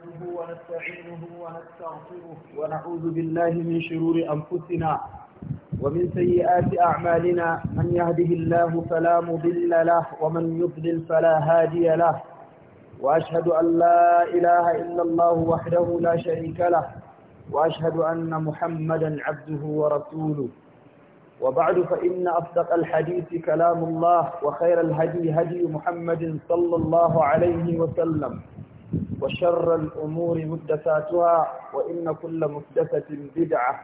نحمده ونستعينه ونستغفره ونعوذ بالله من شرور أنفسنا ومن سيئات أعمالنا من يهده الله فلا مضل له ومن يضلل فلا هادي له وأشهد أن لا إله إلا الله وحده لا شريك له وأشهد أن محمدا عبده ورسوله وبعد فإن أصدق الحديث كلام الله وخير الهدي هدي محمد صلى الله عليه وسلم وشر الأمور مدساتها وإن كل مدسة بدعة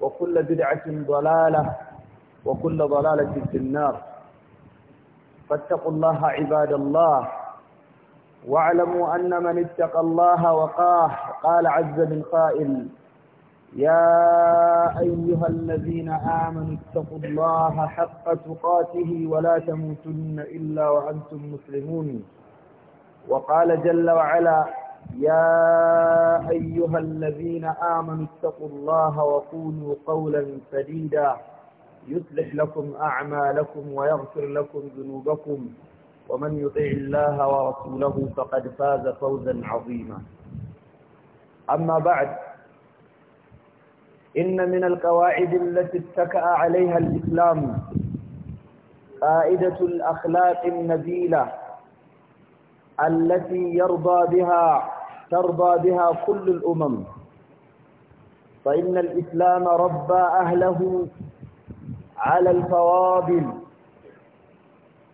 وكل بدعة ضلالة وكل ضلالة في النار فاتقوا الله عباد الله واعلموا أن من اتقى الله وقاه قال عز من قائل يا أيها الذين آمنوا اتقوا الله حق تقاته ولا تموتن إلا وأنتم مسلمون وقال جل وعلا يا أيها الذين آمنوا اتقوا الله وقولوا قولا سديدا يصلح لكم أعمالكم ويغفر لكم ذنوبكم ومن يطع الله ورسوله فقد فاز فوزا عظيما أما بعد إن من القواعد التي اتكأ عليها الإسلام قائدة الأخلاق النبيلة التي يرضى بها ترضى بها كل الأمم فإن الإسلام ربى أهله على الفواضل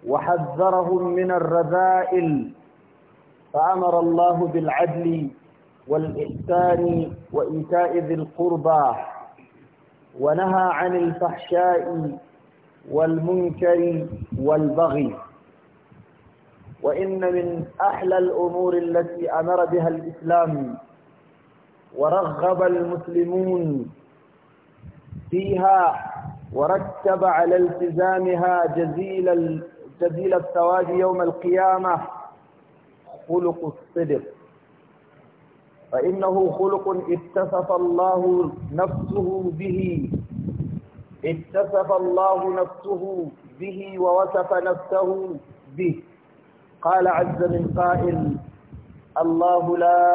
وحذرهم من الرذائل فأمر الله بالعدل والإحسان وإيتاء ذي القربى ونهى عن الفحشاء والمنكر والبغي وإن من أحلى الأمور التي أمر بها الإسلام ورغب المسلمون فيها ورتب على التزامها جزيل جزيل الثواب يوم القيامة خلق الصدق فإنه خلق اتصف الله نفسه به اتصف الله نفسه به ووصف نفسه به قال عز من قائل الله لا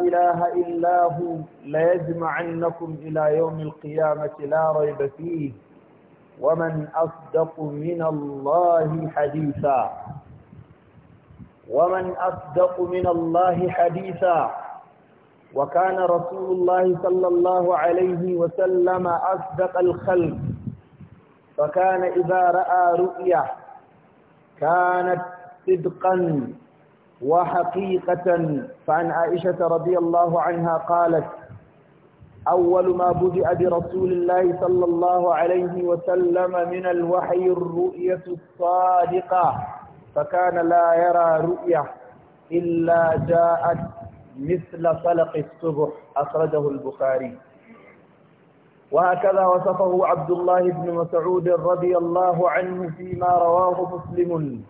إله إلا هو ليجمعنكم إلى يوم القيامة لا ريب فيه ومن أصدق من الله حديثا ومن أصدق من الله حديثا وكان رسول الله صلى الله عليه وسلم أصدق الخلق فكان إذا رأى رؤيا كانت صدقا وحقيقة فعن عائشة رضي الله عنها قالت أول ما بدأ برسول الله صلى الله عليه وسلم من الوحي الرؤية الصادقة فكان لا يرى رؤية إلا جاءت مثل فلق الصبح أخرجه البخاري وهكذا وصفه عبد الله بن مسعود رضي الله عنه فيما رواه مسلم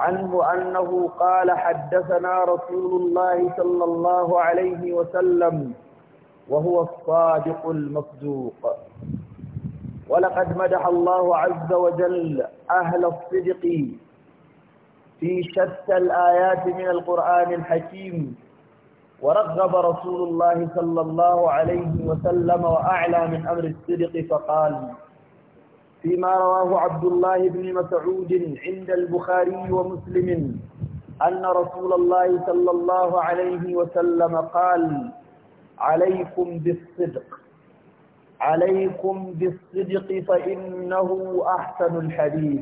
عنه أنه قال حدثنا رسول الله صلى الله عليه وسلم وهو الصادق المصدوق ولقد مدح الله عز وجل أهل الصدق في شتى الآيات من القرآن الحكيم ورغب رسول الله صلى الله عليه وسلم وأعلى من أمر الصدق فقال فيما رواه عبد الله بن مسعود عند البخاري ومسلم أن رسول الله صلى الله عليه وسلم قال عليكم بالصدق عليكم بالصدق فإنه أحسن الحديث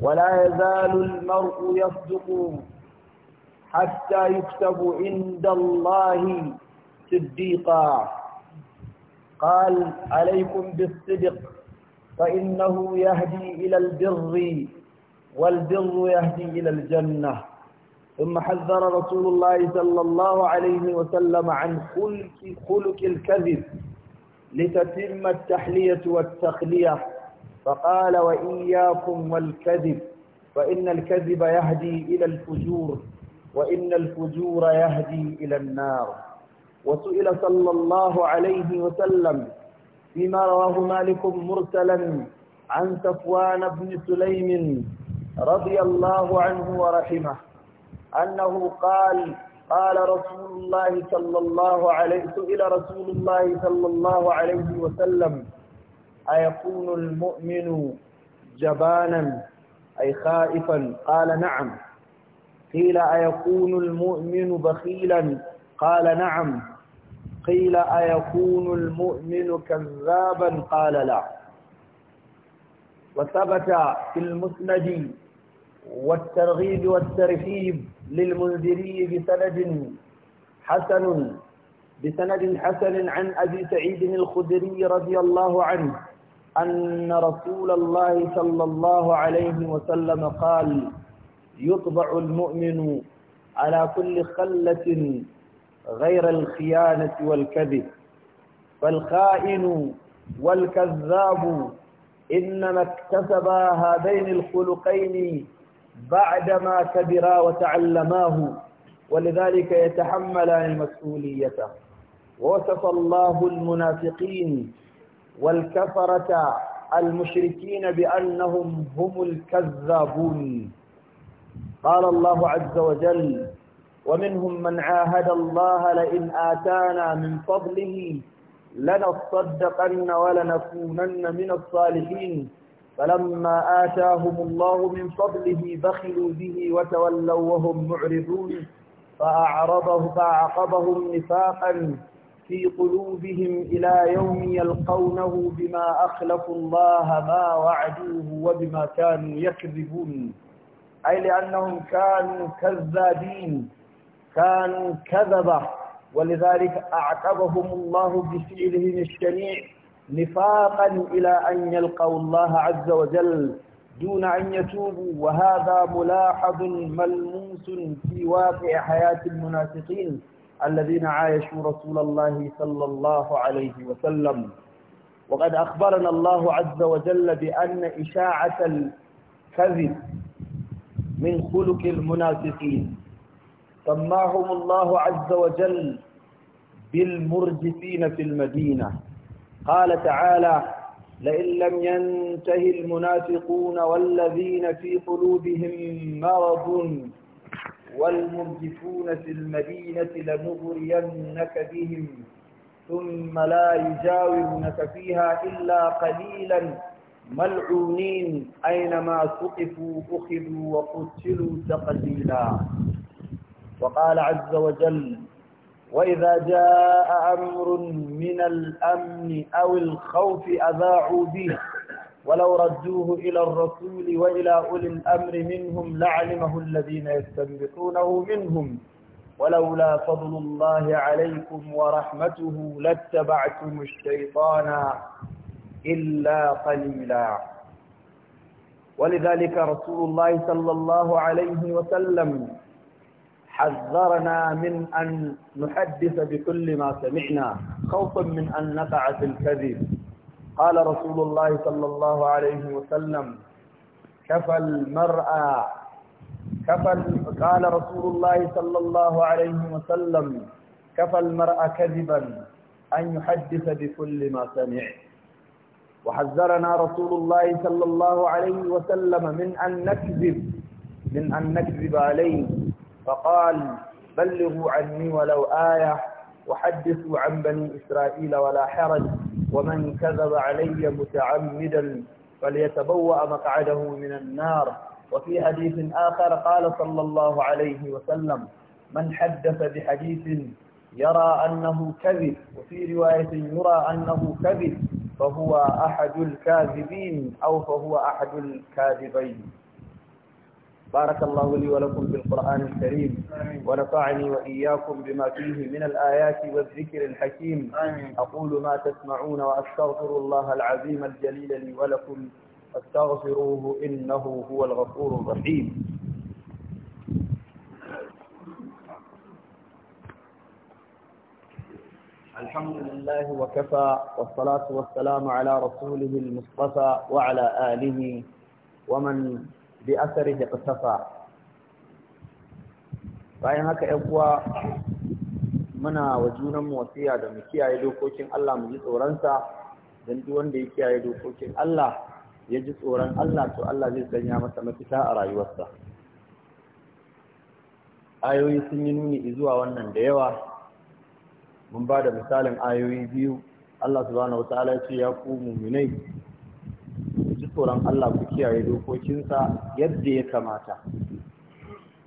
ولا يزال المرء يصدق حتى يكتب عند الله صديقا قال عليكم بالصدق فإنه يهدي إلى البر والبر يهدي إلى الجنة ثم حذر رسول الله صلى الله عليه وسلم عن خلق, خلق الكذب لتتم التحلية والتخلية فقال وإياكم والكذب فإن الكذب يهدي إلى الفجور وإن الفجور يهدي إلى النار وسئل صلى الله عليه وسلم فيما رواه مالك مرسلا عن صفوان بن سليم رضي الله عنه ورحمه أنه قال قال رسول الله صلى الله عليه سئل رسول الله صلى الله عليه وسلم أيكون المؤمن جبانا أي خائفا قال نعم قيل أيكون المؤمن بخيلا قال نعم قيل أيكون المؤمن كذابا قال لا وثبت في المسند والترغيب والترهيب للمنذري بسند حسن بسند حسن عن أبي سعيد الخدري رضي الله عنه أن رسول الله صلى الله عليه وسلم قال يطبع المؤمن على كل خلة غير الخيانة والكذب فالخائن والكذاب إنما اكتسبا هذين الخلقين بعدما كبرا وتعلماه ولذلك يتحملان المسؤوليه وصف الله المنافقين والكفرة المشركين بأنهم هم الكذابون قال الله عز وجل ومنهم من عاهد الله لئن آتانا من فضله لنصدقن ولنكونن من الصالحين فلما آتاهم الله من فضله بخلوا به وتولوا وهم معرضون فأعرضه فأعقبهم نفاقا في قلوبهم إلى يوم يلقونه بما أخلفوا الله ما وعدوه وبما كانوا يكذبون أي لأنهم كانوا كذابين كانوا كذبا ولذلك أعقبهم الله بفعلهم الشنيع نفاقا إلى أن يلقوا الله عز وجل دون أن يتوبوا وهذا ملاحظ ملموس في واقع حياة المنافقين الذين عايشوا رسول الله صلى الله عليه وسلم وقد أخبرنا الله عز وجل بأن إشاعة الكذب من خلق المنافقين سماهم الله عز وجل بالمرجفين في المدينة قال تعالى لئن لم ينتهي المنافقون والذين في قلوبهم مرض والمرجفون في المدينة لنغرينك بهم ثم لا يجاورونك فيها إلا قليلا ملعونين أينما سقفوا أخذوا وقتلوا تقتيلا وقال عز وجل وإذا جاء أمر من الأمن أو الخوف أذاعوا به ولو ردوه إلى الرسول وإلى أولي الأمر منهم لعلمه الذين يستنبطونه منهم ولولا فضل الله عليكم ورحمته لاتبعتم الشيطان إلا قليلا ولذلك رسول الله صلى الله عليه وسلم حذرنا من أن نحدث بكل ما سمعنا خوفا من أن نقع في الكذب قال رسول الله صلى الله عليه وسلم كفى المرأة كفى قال رسول الله صلى الله عليه وسلم كفى المرأة كذبا أن يحدث بكل ما سمع وحذرنا رسول الله صلى الله عليه وسلم من أن نكذب من أن نكذب عليه فقال بلغوا عني ولو آية وحدثوا عن بني إسرائيل ولا حرج ومن كذب علي متعمدا فليتبوأ مقعده من النار وفي حديث آخر قال صلى الله عليه وسلم من حدث بحديث يرى أنه كذب وفي رواية يرى أنه كذب فهو أحد الكاذبين أو فهو أحد الكاذبين بارك الله لي ولكم في القرآن الكريم ونفعني وإياكم بما فيه من الآيات والذكر الحكيم أقول ما تسمعون وأستغفر الله العظيم الجليل لي ولكم أستغفروه إنه هو الغفور الرحيم الحمد لله وكفى والصلاة والسلام على رسوله المصطفى وعلى آله ومن bi asari bayan haka uwa muna wa junanmu wasiya da mu kiyaye dokokin Allah mu ji tsoronsa don duk wanda ya kiyaye dokokin Allah ya ji tsoron Allah to Allah zai sanya masa mafita a rayuwarsa ayoyi sun yi nuni izuwa wannan da yawa mun ba da misalin ayoyi biyu Allah subhanahu wataala ya ce ya ku muminai tsoron Allah ku kiyaye dokokinsa yadda ya kamata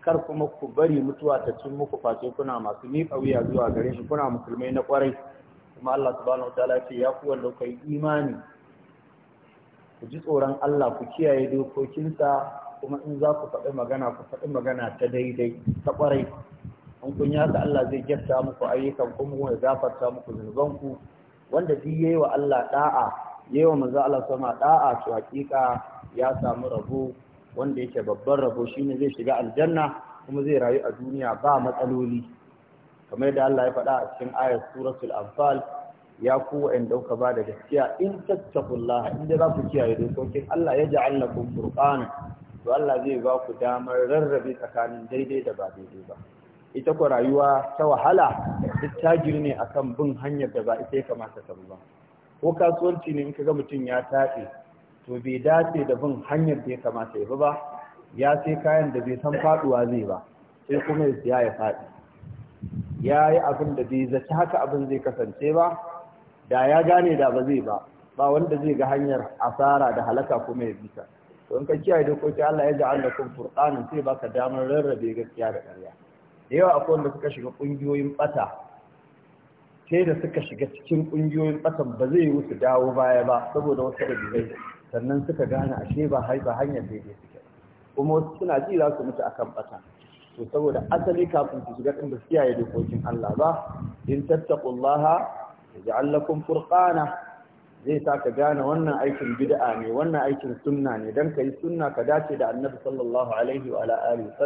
kar kuma ku bari mutuwa ta cin muku face kuna masu miƙa wuya zuwa gare shi kuna musulmai na ƙwarai kuma Allah subhanahu ce ya ku wanda kai imani ku ji tsoron Allah ku kiyaye dokokinsa kuma in za ku faɗi magana ku faɗi magana ta daidai ta ƙwarai in kun yasa Allah zai gyafta muku ayyukan kuma ya gafarta muku zunubanku wanda duk yayi wa Allah ɗa'a. yawa manzo Allah sama da'a to hakika ya samu rabo wanda yake babban rabo shine zai shiga aljanna kuma zai rayu a duniya ba matsaloli kamar yadda Allah ya faɗa a cikin ayat suratul anfal ya ku wa'anda kuka ba da gaskiya in tattaqullaha in dai za ku kiyaye dokokin Allah ya ja'al lakum furqana to Allah zai ba ku damar rarrabe tsakanin daidai da ba daidai ba ita ko rayuwa ta wahala duk tajiri ne akan bin hanyar da ba ita ya kamata ta bi ba ko kasuwanci ne in ka ga mutum ya tafi to bai dace da bin hanyar da ya kamata ya bi ba ya sai kayan da bai san faduwa zai ba sai kuma ya siya ya faɗi ya yi abin da bai zaci haka abin zai kasance ba da ya gane da ba zai ba ba wanda zai ga hanyar asara da halaka kuma ya bisa to in ka kiyaye dokoki Allah ya ja'al lakum furqanan sai baka damar rarrabe gaskiya da ƙarya da yawa akwai wanda suka shiga ƙungiyoyin ɓata. sai da suka shiga cikin ƙungiyoyin ƙasan ba zai wuce dawo baya ba saboda wasu dalilai sannan suka gane ashe ba haifa hanyar daidai suke kuma wasu suna ji za su mutu akan ɓata to saboda asali kafin su shiga ɗin ba su kiyaye dokokin Allah ba in tattaqullaha yaj'al lakum furqana zai sa ka gane wannan aikin bid'a ne wannan aikin sunna ne dan kai sunna ka dace da Annabi sallallahu alaihi wa alihi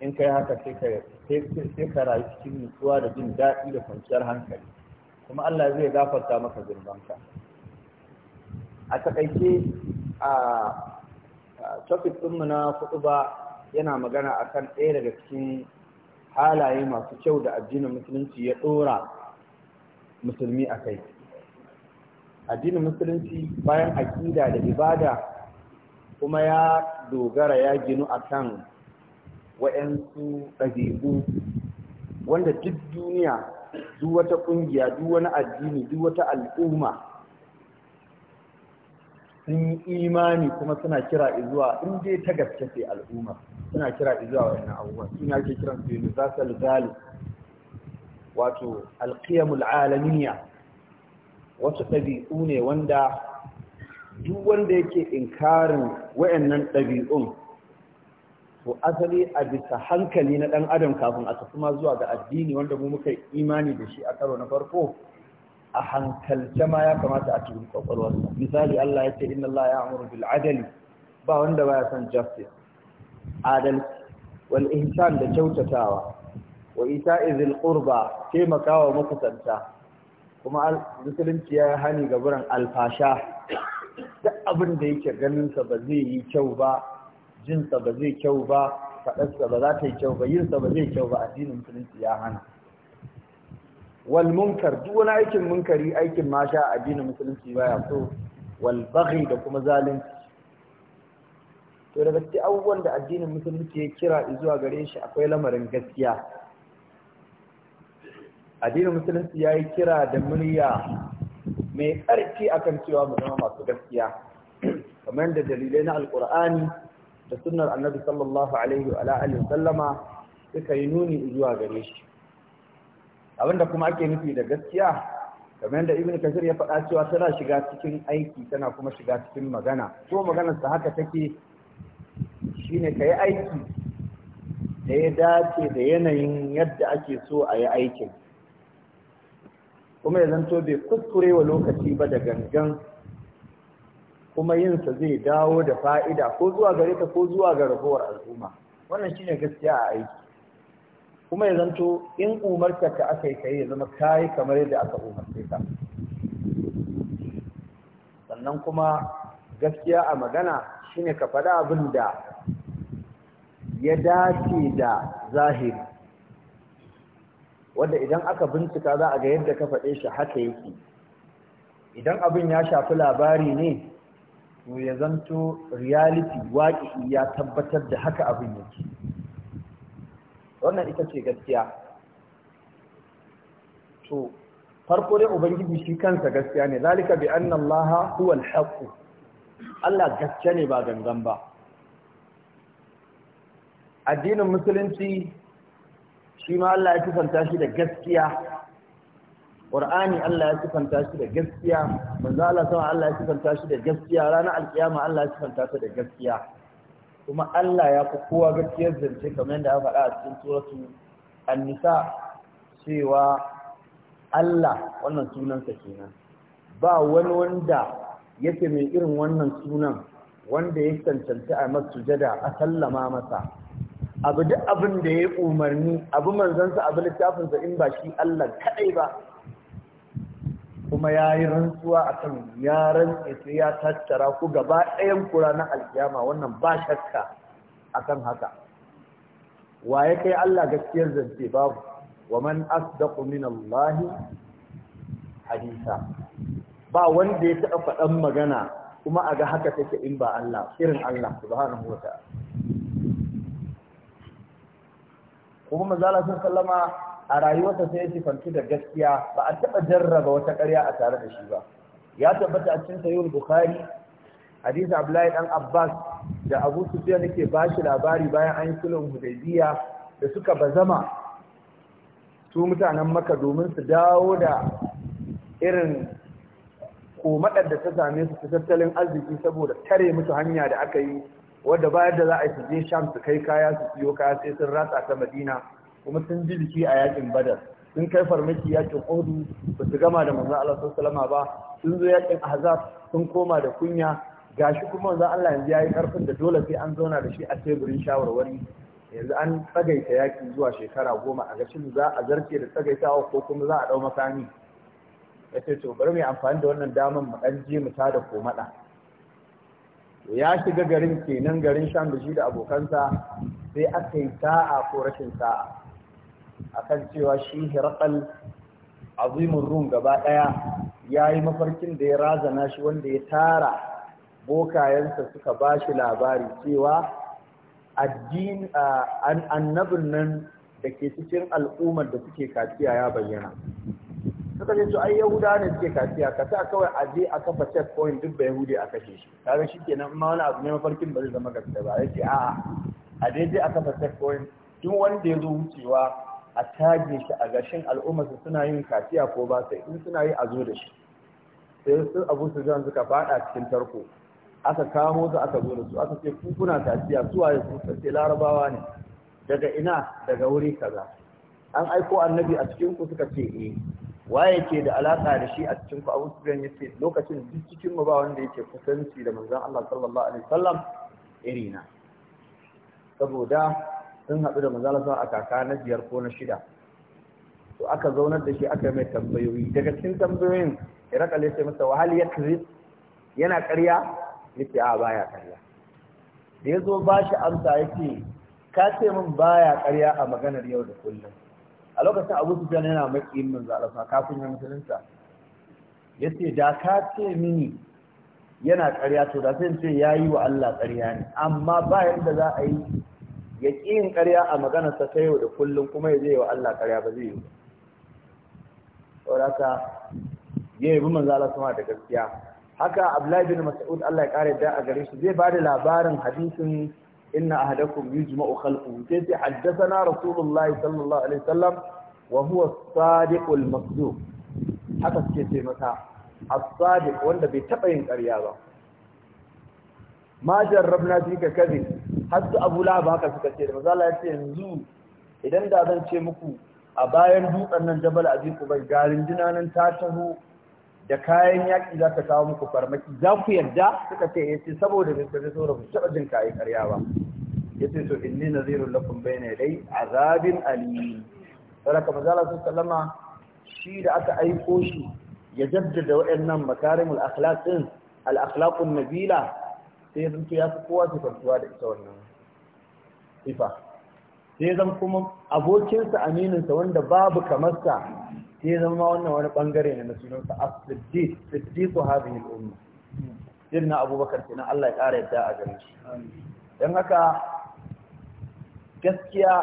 in kai haka sai ka sai ka rayu cikin nutsuwa da jin daɗi da kwanciyar hankali kuma Allah zai gafarta maka zunubanka a takaice a topic ɗinmu na kuɗu ba yana magana akan ɗaya daga cikin halaye masu kyau da addinin musulunci ya ɗora musulmi a kai addinin musulunci bayan aƙida da ibada kuma ya dogara ya ginu akan wa'yansu ɗabi'u wanda duk duniya duk wata ƙungiya duk wani addini duk wata al'umma sun yi imani kuma suna kira izuwa in dai ta gaske sai al'umma suna kira izuwa wa'annan abubuwa suna ake kiran su universal value wato alƙiyamul alamiya wasu ɗabi'u ne wanda duk wanda yake inkarin wa'annan ɗabi'un to asali a bisa hankali na ɗan adam kafin a tafi ma zuwa ga addini wanda mu muka imani da shi a karo na farko a hankalce ma ya kamata a cikin kwakwalwarsa misali Allah ya ce inna Allah ya amuru bil adali ba wanda baya son justice adal wal ihsan da kyautatawa wa ita'i zil qurba taimakawa makusanta kuma musulunci ya hani ga buran alfasha duk abin da yake ganin sa ba zai yi kyau ba jinsa ba zai kyau ba faɗarsa ba za ta yi kyau ba yinsa ba zai kyau ba addinin musulunci ya hana wal munkar duk wani aikin munkari aikin masha addinin musulunci baya so wal baghi da kuma zalunci to daga cikin abubuwan da addinin musulunci ya kira zuwa gare shi akwai lamarin gaskiya addinin musulunci ya yi kira da murya mai ƙarfi akan cewa mu zama masu gaskiya kamar da dalilai na alƙur'ani da sunnar annabi sallallahu alaihi wa alihi sallama suka yi nuni zuwa gare shi abinda kuma ake nufi da gaskiya kamar yadda ibn kasir ya faɗa cewa tana shiga cikin aiki tana kuma shiga cikin magana ko maganar sa haka take shine kai aiki da ya dace da yanayin yadda ake so a yi aikin kuma ya zanto bai kuskure wa lokaci ba da gangan kuma yinsa zai dawo da fa'ida ko zuwa gare ta ko zuwa ga rabuwar al'umma wannan shine gaskiya a aiki kuma ya zanto in umarta ka aka yi kai ya zama kayi kamar yadda aka umarce ka sannan kuma gaskiya a magana shine ka faɗa abin da ya dace da zahiri wanda idan aka bincika za a ga yadda ka faɗe shi haka yake idan abin ya shafi labari ne to ya zanto reality waƙi ya tabbatar da haka abin yake wannan ita ce gaskiya to farko dai ubangiji shi kansa gaskiya ne zalika bi anna allaha huwa al Allah gaskiya ne ba gangan ba addinin musulunci shi ma Allah ya kusanta shi da gaskiya Qur'ani Allah ya sifanta shi da gaskiya manzo Allah sama Allah ya sifanta shi da gaskiya ranar alkiyama Allah ya sifanta shi da gaskiya kuma Allah ya fi kowa gaskiyar zance kamar yadda aka faɗa a cikin suratu an-nisa cewa Allah wannan sunansa kenan ba wani wanda yake mai irin wannan sunan wanda ya cancanci a masujada a sallama masa abu duk abin da ya umarni abu manzansa abu littafinsa in ba shi Allah kadai ba kuma ya yi rantsuwa a kan ya rantsa sai ya tattara ku gaba ɗayan kura na alkiyama wannan ba shakka akan haka wa ya kai Allah gaskiyar zance babu wa man asdaqu min Allah hadisa ba wanda ya taɓa faɗan magana kuma a ga haka take in ba Allah irin Allah subhanahu wa kuma manzala sun sallama a rayuwarsa sai ya sifantu da gaskiya ba a taɓa jarraba wata ƙarya a tare da shi ba ya tabbata a cikin sayyid bukhari hadisi abdullahi dan abbas da abu sufyan yake ba shi labari bayan an yi sulhun hudaybiya da suka bazama su mutanen maka domin su dawo da irin komadar da ta same su tattalin arziki saboda tare musu hanya da aka yi wadda bayar da za a yi su je sham su kai kaya su siyo kaya sai sun ratsa ta madina kuma sun ji jiki a yakin badar sun kai farmaki yakin odu ba su gama da maza Allah sun salama ba sun zo yakin ahzab sun koma da kunya gashi kuma manzon Allah yanzu yi karfin da dole sai an zauna da shi a teburin shawarwari yanzu an tsagaita yakin zuwa shekara goma a gashin za a zarce da tsagaitawa ko kuma za a dau makami yace to bari mu amfani da wannan daman mu dan je mu tada komaɗa ya shiga garin kenan garin sham da shi da abokansa sai aka yi sa'a ko rashin sa'a akan cewa shi hirakal azimin rum gaba ɗaya ya yi mafarkin da ya razana shi wanda ya tara bokayensa suka ba shi labari cewa annabin nan da ke cikin al'ummar da suke kaciya ya bayyana suka ce ai yahudawa ne suke kaciya ka sa kawai a je a kafa checkpoint duk ba yahudi a kashe shi kaga shi kenan ma wani abu ne mafarkin ba zai zama gaske ba ya ce a'a a je a kafa checkpoint duk wanda ya zo wucewa a tage shi a gashin al'umma su suna yin kaciya ko ba sai in suna yi a zo da shi sai su abu su jan suka fada cikin tarko aka kamo su aka zo da su aka ce ku kuna kaciya su waye su sai larabawa ne daga ina daga wuri kaza an aiko annabi a cikin ku suka ce eh waye ke da alaka da shi a cikin ku Abu Sufyan yace lokacin duk cikin mu ba wanda yake kusanci da manzon Allah sallallahu alaihi wasallam irina saboda sun haɗu da mazalasa a kaka na biyar ko na shida to aka zaunar da shi aka mai tambayoyi daga cikin tambayoyin irakal ya ce masa wahal ya kiri yana karya? ya a baya karya. da ya zo ba shi amsa ya ce ka ce min baya karya a maganar yau da kullum a lokacin abu su yana maƙiyin min zalasa kafin ya musulunta ya ce da ka ce mini yana karya to da sai ce ya yi wa Allah karya ne amma ba yadda za a yi ya ƙi yin ƙarya a maganarsa ta yau da kullum kuma ya zai wa Allah ƙarya ba zai yi sauraka ya yi manzo sama da gaskiya haka Abdullahi bin Mas'ud Allah ya ƙara da a gare shi zai da labarin hadisin inna ahadakum yujma'u khalquhu sai sai haddathana Rasulullahi sallallahu alaihi wasallam wa huwa sadiqul haka suke ce masa as-sadiq wanda bai taɓa yin ƙarya ba ma jarrabna ka kadhib har su abu lahaba haka suka ce da mazala ya ce yanzu idan da zan ce muku a bayan dutsen nan jabal abi bai garin dinanan ta taho da kayan yaƙi za ka kawo muku farmaki za ku yarda suka ce ya eh, ce saboda bai kaje saboda ku taɓa jin kayi karya ba ya ce so inni nazirun lakum ne dai azabin alim saraka mazala sun sallama shi da aka aiko shi ya jaddada waɗannan makarimul akhlaq al akhlaqun nabila sai ya zanto ya fi kowa sifantuwa da ita wannan sifa sai zan kuma abokinsa amininsa wanda babu kamarsa sai zama wannan wani bangare ne na sunansa as-siddiq ko hadhihi al-umma na abubakar kenan Allah ya ƙara yadda a gare shi Don haka gaskiya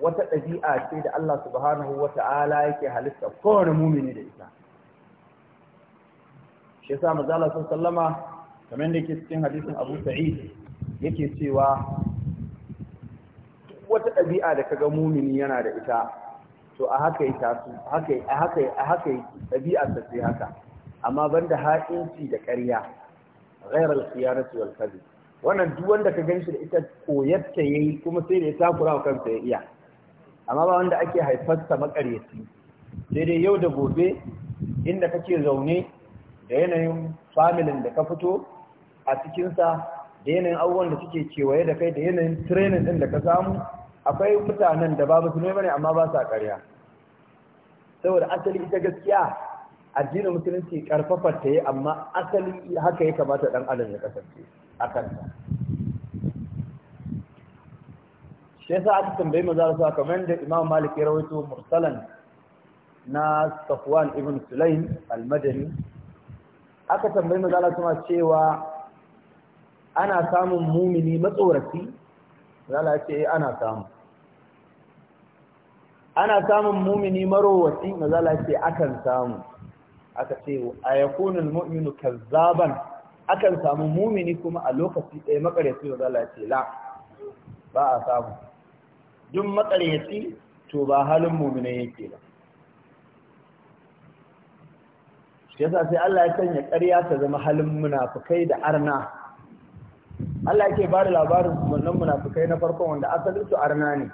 wata ɗabi'a ce da Allah subhanahu wa ta'ala yake halitta kowane mumini da ita shi sa mazala sun sallama kamar da yake cikin hadisin abu sa'id yake cewa wata ɗabi'a da kaga mumini yana da ita to a haka yi tasu haka yi haka haka yi ɗabi'ar ta sai haka amma banda ha'inci da ƙarya ghayr al-khiyanati wal kadhib wannan duk wanda ka ganshi da ita koyarta yayi kuma sai da ya takura wa kansa ya iya amma ba wanda ake haifarsa makaryaci sai dai yau da gobe inda kake zaune da yanayin familin da ka fito a cikinsa da yanayin abubuwan da suke kewaye da kai da yanayin training din da ka samu akwai mutanen da ba musulmai bane amma ba sa ƙarya saboda asali ita gaskiya addinin musulunci karfafa ta yi amma asali haka ya kamata dan adam ya kasance a kanta shi yasa aka tambayi manzo Allah kamar da Imam Malik ya rawaito mursalan na Safwan ibn Sulaim al-Madani aka tambayi manzo Allah cewa ana samun mumini matsoraci zala ce eh, ana samu ana samun mumini marowaci mazala ce akan samu aka ce a yakunul mu'minu kazzaban akan samu mumini kuma a lokaci ɗaya makaryaci mazala ce la ba a samu duk makaryaci to ba halin mumini yake ba shi yasa sai Allah ya sanya ƙarya ta zama halin munafukai da arna Allah yake bada labarin wannan munafikai na farko wanda asalin su arna ne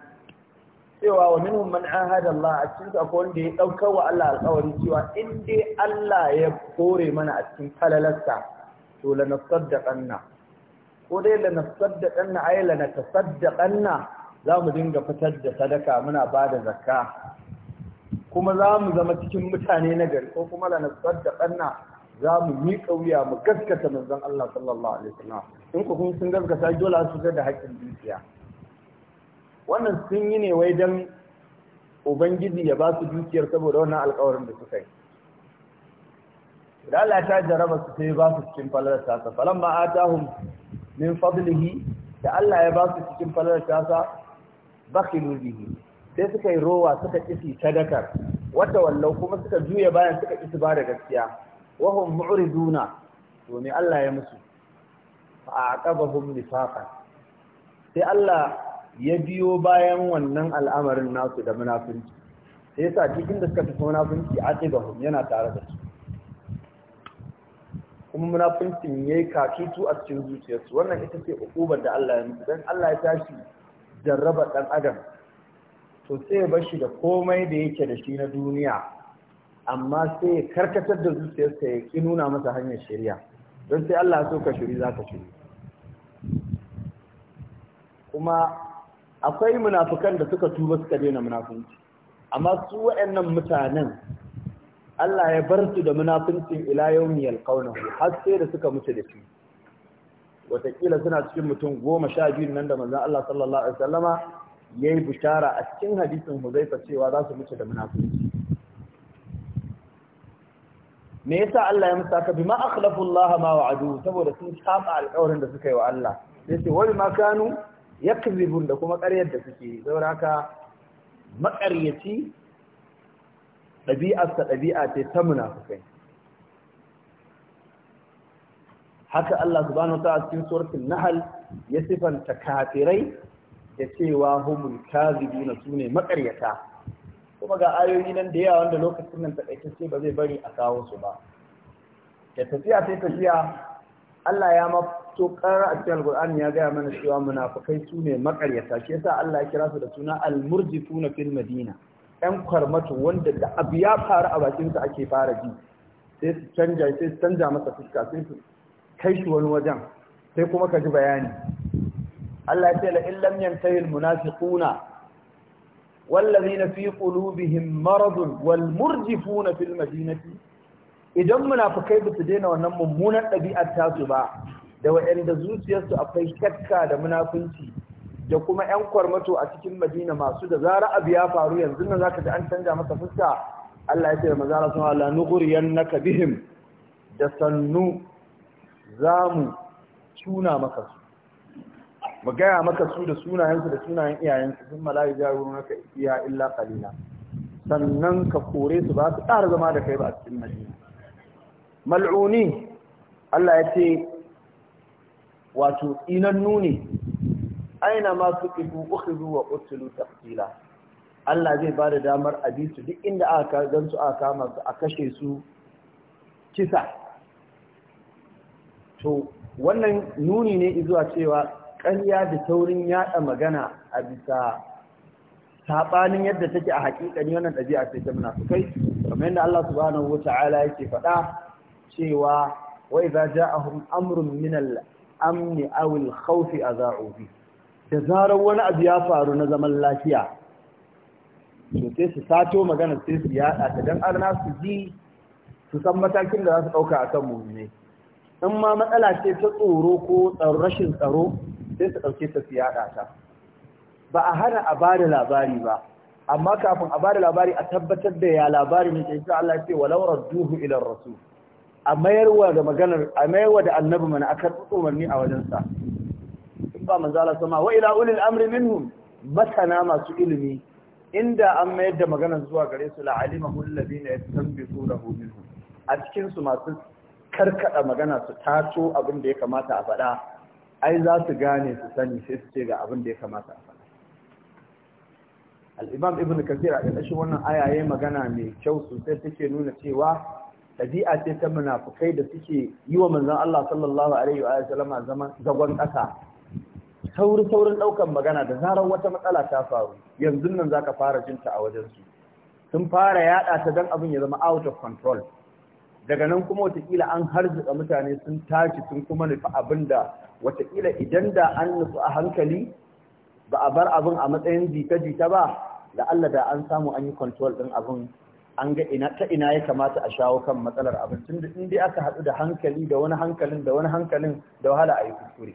cewa wa minhum man ahada Allah a cikin akwai wanda ya dauka wa Allah alƙawari cewa in dai Allah ya kore mana a cikin kalalarsa to la nasaddaqanna ko dai la nasaddaqanna ay la natasaddaqanna za mu dinga fitar da sadaka muna bada zakka kuma za mu zama cikin mutane na gari ko kuma la nasaddaqanna za mu miƙa wuya mu gaskata manzon Allah sallallahu alaihi wasallam in ku sun gaskata dole su ga da haƙƙin dukiya wannan sun yi ne wai dan ubangiji ya ba su dukiyar saboda wannan alƙawarin da suka yi da Allah ta jaraba su sai ba su cikin falalar tasa falan ma atahum min fadlihi da Allah ya ba su cikin falalar tasa bakhilu bihi sai suka yi rowa suka kisi sadakar wata wallau kuma suka juya bayan suka kisi ba da gaskiya wahum mu'riduna to Allah ya musu fa aqabahum nifaqan sai Allah ya biyo bayan wannan al'amarin nasu da munafinci sai yasa cikin da suka tafi munafinci aqibahum yana tare da su kuma munafincin yayi kakitu a cikin zuciyarsu wannan ita ce ukubar da Allah ya musu dan Allah ya tashi jarraba dan adam to sai ya bar shi da komai da yake da shi na duniya amma sai karkatar da zuciyarsa ya ki nuna masa hanyar shirya. don sai Allah so ka shiri za ka shiri kuma akwai munafukan da suka tuba suka daina munafunci amma su waɗannan mutanen Allah ya bar su da munafuncin ila yaumi yalqawnahu har sai da suka mutu da shi wataƙila suna cikin mutum goma sha biyu nan da manzon Allah sallallahu alaihi wasallama yayi bishara a cikin hadisin Huzaifa cewa za su mutu da munafunci me yasa Allah ya musa ka bima akhlafu Allah ma wa'adu saboda sun saba alƙawarin da suka yi wa Allah sai wa ma kanu yakzibun da kuma ƙaryar da suke saboda haka maƙaryaci ɗabi'arsa ɗabi'a ce ta munafikai haka Allah subhanahu wa ta'ala cikin suratul nahl ya sifanta kafirai da cewa humul kazibuna sune maƙaryata kuma ga ayoyi nan da yawa wanda lokacin nan takaitacce ba zai bari a kawo su ba da tafiya sai tafiya Allah ya mafito ƙarar a cikin alƙur'ani ya gaya mana cewa munafukai su ne makaryata shi yasa Allah ya kira su da suna almurjifuna fil madina ɗan kwarmatu wanda da abu ya faru a bakinsa ake fara ji sai su canja sai su canja masa fuska sai su kai shi wani wajen sai kuma ka ji bayani Allah ya ce la illam yantahi almunafiquna والذين في قلوبهم مرض والمرجفون في المدينة idan munafukai ba su daina wannan mummunar ɗabi'ar tasu ba da waɗanda zuciyarsu akwai shakka da munafunci da kuma 'yan kwarmato a cikin madina masu da zara abu ya faru yanzu nan zaka ji an canja masa fuska Allah ya ce da mazara sun Allah nughriyan naka bihim da sannu zamu tuna maka su mu gaya maka su da sunayensu da sunayen iyayensu sun malayi jaru naka iya illa kalila sannan ka kore su ba su tsara zama da kai ba a cikin madina mal'uni Allah ya ce wato inan nuni aina ma su kifu ukhzu wa qutilu taqtila Allah zai ba da damar a duk inda aka gan su aka kama a kashe su kisa to wannan nuni ne zuwa cewa ƙarya da taurin yaɗa magana a bisa saɓanin yadda take a haƙiƙani wannan ɗabi'a ce ta kai, kamar yadda Allah subhanahu wa yake faɗa cewa wa idza ja'ahum amrun min al-amn aw al-khawf adha'u bi da zarar wani abu ya faru na zaman lafiya to sai su sato magana sai su yaɗa ta dan arna su ji su san matakin da za su ɗauka akan mu'mini in ma matsala ce ta tsoro ko rashin tsaro sai ta ɗauke ta su yaɗa ta ba a hana a ba da labari ba amma kafin a ba da labari a tabbatar da ya labari ne ke shi Allah ce walau radduhu ila rasul a mayarwa da maganar a mayarwa da annabi mana akan umarni a wajen sa in ba manzo Allah sama wa ila ulil amri minhum masana masu ilimi inda an mayar da maganar zuwa gare su la alimahu alladhina yastanbitunahu minhum a cikin su masu karkada magana su tato abin da ya kamata a faɗa ai za su gane su sani sai su ce ga abin da ya kamata a faɗa al'imam ibn kafir a ƙarƙashin wannan ayaye magana mai kyau sosai take nuna cewa ɗabi'a ce ta munafukai da suke yi wa manzon Allah sallallahu alaihi wa sallama zaman zagon ƙasa sauri saurin ɗaukar magana da zarar wata matsala ta faru yanzu nan za ka fara jinta a wajensu. sun fara yaɗa ta dan abin ya zama out of control daga nan kuma watakila an harzuka mutane sun tashi sun kuma nufi abin da watakila idan da an nufi a hankali ba a bar abin a matsayin jita-jita ba da Allah da an samu an yi kontrol ɗin abin an ga ina ta ina ya kamata a shawo kan matsalar abin tun da inda aka haɗu da hankali da wani hankalin da wani hankalin da wahala a yi kuskure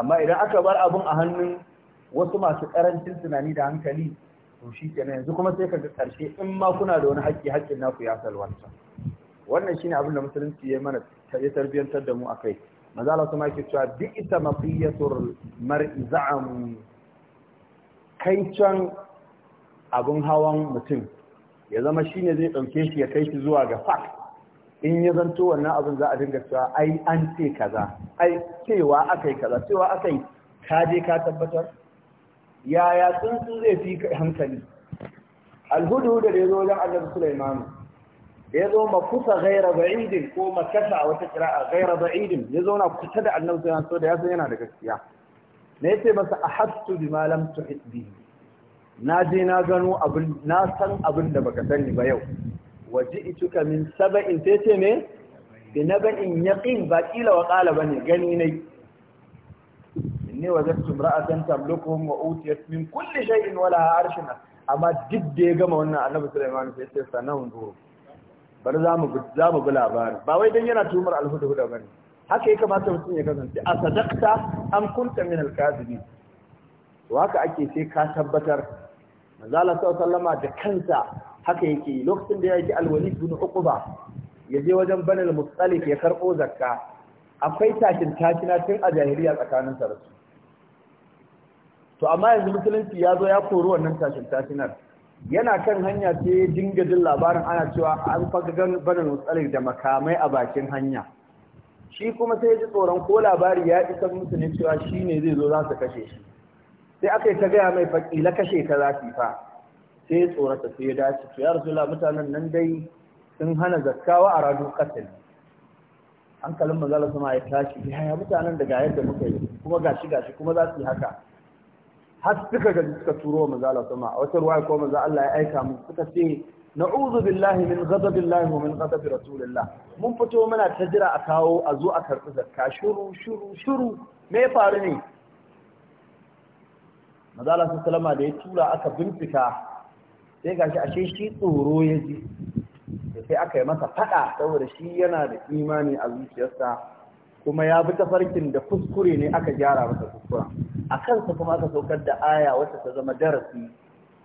amma idan aka bar abin a hannun wasu masu ƙarancin tunani da hankali to shi kenan yanzu kuma sai ka ga karshe in ma kuna da wani haƙƙi haƙƙin naku ya salwanta wannan shine abin da musulunci ya mana ya tarbiyantar da mu akai manzo Allah kuma yake cewa bi ita maqiyatur mar'i za'am kai can abun hawan mutum ya zama shine zai dauke shi ya kai shi zuwa ga fak. in ya zanto wannan abin za a dinga cewa ai an ce kaza ai cewa akai kaza cewa akai ka je ka tabbatar yaya tsuntsu zai fi hankali alhudu da ya zo wajen annabi Sulaiman da ya zo kusa gaira ba'idin ko makasa a wata kira'a gaira ba'idin ya zo na kusa da annabi Sulaiman so da ya san yana da gaskiya na ce masa ahattu bi malam tuhit bihi na je na gano abin na san abin da baka sani ba yau ituka min sab'in tace ne bi nab'in yaqin ba kila wa qala bane gani ne ni wajadtu imra'atan tamlikuhum wa utiyat min kulli shay'in wala arshina amma duk da ya gama wannan annabi Sulaiman sai sai sanan zo bar za mu za mu bi labari ba wai dan yana tumar alhuda bane haka ya kamata mutum ya kasance a sadaqta am kunta min alkazibin to haka ake sai ka tabbatar manzo Allah sallama da kansa haka yake lokacin da yake alwalid bin uquba je wajen banal mustalik ya karbo zakka akwai takin takina tun a jahiliya tsakanin sa to amma yanzu musulunci ya zo ya kori wannan tashin tashinar yana kan hanya sai dinga jin labarin ana cewa an faga banan mutsalik da makamai a bakin hanya shi kuma sai ji tsoron ko labari ya isa musu ne cewa shi ne zai zo za su kashe shi sai aka yi ta gaya mai la kashe ka za su fa sai ya tsorata sai ya dace to ya rasula mutanen nan dai sun hana zakkawa a radu katil hankalin manzala sama ya tashi ya mutanen da ga yadda muka yi kuma gashi gashi kuma za su yi haka har suka ga suka turo wa manzo Allah sama a wata ruwaya ko manzo Allah ya aika mu suka ce na'udhu billahi min ghadabillahi wa min ghadabi rasulillah mun fito muna ta jira a kawo a zo a karɓi zakka shuru shuru shuru me ya faru ne manzo Allah sallama da ya tura aka bincika sai gashi ashe shi tsoro ya ji sai aka yi masa fada saboda shi yana da imani a zuciyarsa kuma ya bi tafarkin da kuskure ne aka gyara masa kuskuren a kansa kuma aka saukar da aya wacce ta zama darasi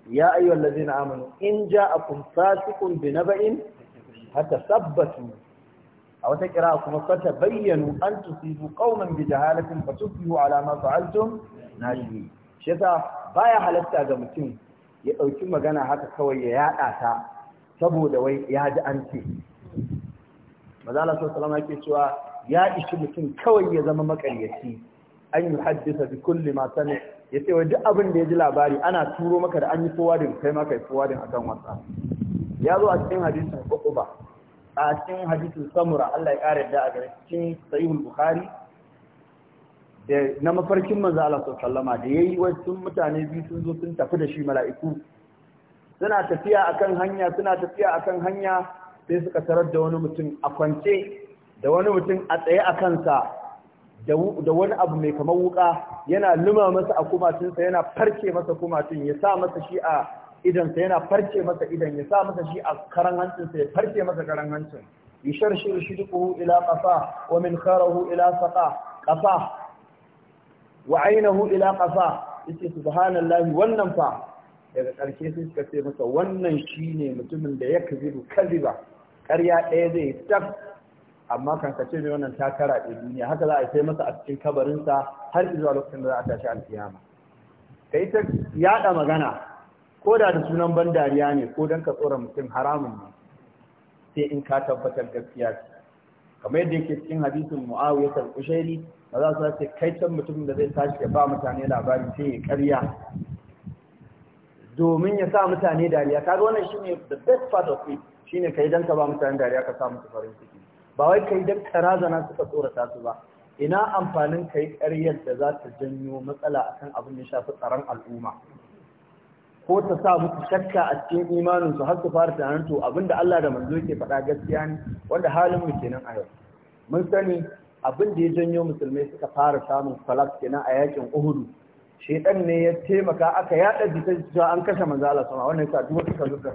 ya ayyuhal ladzina amanu in ja'akum fasiqun binaba'in hatta sabbatu a wata kira kuma fata bayyanu an tusibu qauman bi jahalatin fatusbihu ala ma fa'altum najibi shi yasa baya halatta ga mutum ya ɗauki magana haka kawai ya yaɗa ta saboda wai ya ji an ce maza Allah sallallahu salama wasallam yake cewa ya ishi mutum kawai ya zama makaryaci an yi haddisa bi kulli ma sami yace wai duk abin da ya ji labari ana turo maka da an yi forwarding kai kowa da a kan wasa ya zo a cikin hadisin ba. a cikin hadisin Samura Allah ya kare da a gare cikin Sahihul Bukhari da na mafarkin manzo Allah sallallahu alaihi da yayi wasu mutane biyu sun zo sun tafi da shi mala'iku suna tafiya akan hanya suna tafiya akan hanya sai suka tarar da wani mutum a kwance da wani mutum a tsaye a kansa da wani abu mai kamar wuka yana luma masa a kumatinsa, yana farce masa kumatin, ya sa masa shi a idansa yana farce masa idan ya sa masa shi a karan hancinsa ya farce masa karan hancin yusharshir shidquhu ila qasa wa min kharahu ila saqa qasa wa aynahu ila qasa yace subhanallahi wannan fa daga karshe sai suka ce masa wannan shine mutumin da ya kazibu kaziba ƙarya ɗaya zai tafi amma kan ka ce mai wannan takara da duniya haka za a kai masa a cikin kabarinsa har zuwa lokacin da za a tashi alkiyama ka ta yada magana ko da da sunan ban dariya ne ko don ka tsora mutum haramun ne sai in ka tabbatar gaskiya ce kamar yadda yake cikin hadisin mu'awiyah al-kushairi ba za su ce kai can mutumin da zai tashi ya ba mutane labari sai ya karya domin ya sa mutane dariya kaga wannan shine the best part of it shine kai dan ka ba mutane dariya ka sa musu farin ciki ba wai kai duk tarazana suka tsorata su ba ina amfanin kai ƙaryar da za ta janyo matsala akan abin da shafi tsaron al'umma ko ta sa musu shakka a cikin imanin su har su fara tunanin to da Allah da manzo yake faɗa gaskiya ne wanda halin mu kenan a yau mun sani abin da ya janyo musulmai suka fara samun falak kenan a yakin uhudu shedan ne ya taimaka aka yaɗa jita cewa an kashe manzo Allah sama wannan yasa duk wata kaluka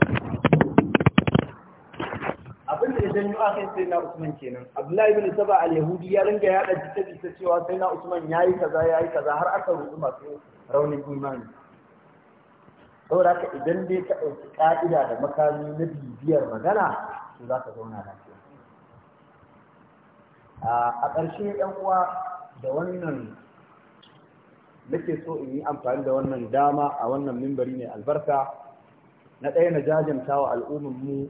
ya janyo akan sai na Usman kenan Abdullahi bin Saba al-Yahudi ya ringa yada jita-jita cewa sai na Usman yayi kaza yayi kaza har aka rubu masu raunin imani saboda ka idan dai ka ɗauki ƙa'ida da makami na bibiyar magana to za ka zauna shi a ƙarshe ɗan uwa da wannan nake so in yi amfani da wannan dama a wannan mimbari ne albarka na ɗaya na jajanta wa al'ummar mu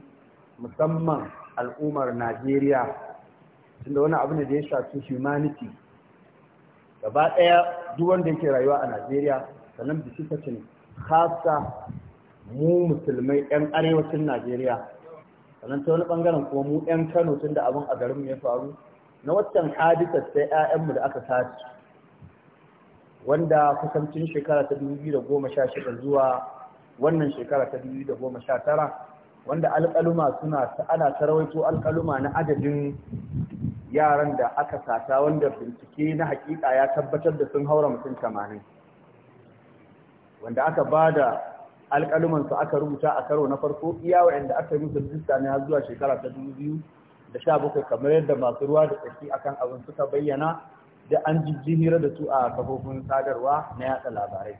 musamman al'ummar Najeriya tunda wani abu ne da ya shafi humanity gaba ɗaya duk wanda yake rayuwa a Najeriya sannan ce khasa mu musulmai 'yan arewacin Najeriya sannan ta wani bangaren kuma mu 'yan Kano tunda abin a garin mu ya faru na waccan hadisa sai mu da aka sace wanda kusancin shekara ta 2016 zuwa wannan shekara ta 2019 wanda alƙaluma suna ana rawaito alƙaluma na adadin yaran da aka sata wanda bincike na haƙiƙa ya tabbatar da sun haura mutum tamanin wanda aka ba da alƙalumansu aka rubuta a karo na farko iya wa'anda aka yi musu rijista ne har zuwa shekara ta dubu biyu da sha bakwai kamar yadda masu ruwa da tsaki akan abin suka bayyana da an jijjihira da su a kafofin sadarwa na yatsa labarai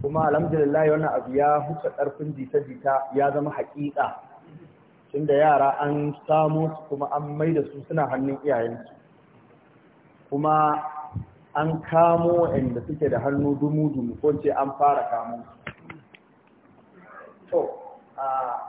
kuma alhamdulillah wannan abu ya huce ƙarfin jita-jita ya zama haƙiƙa tunda yara an samu su kuma an mai da su suna hannun iyayensu kuma an kamo inda suke da hannu dumu-dumu ko ce an fara kamo to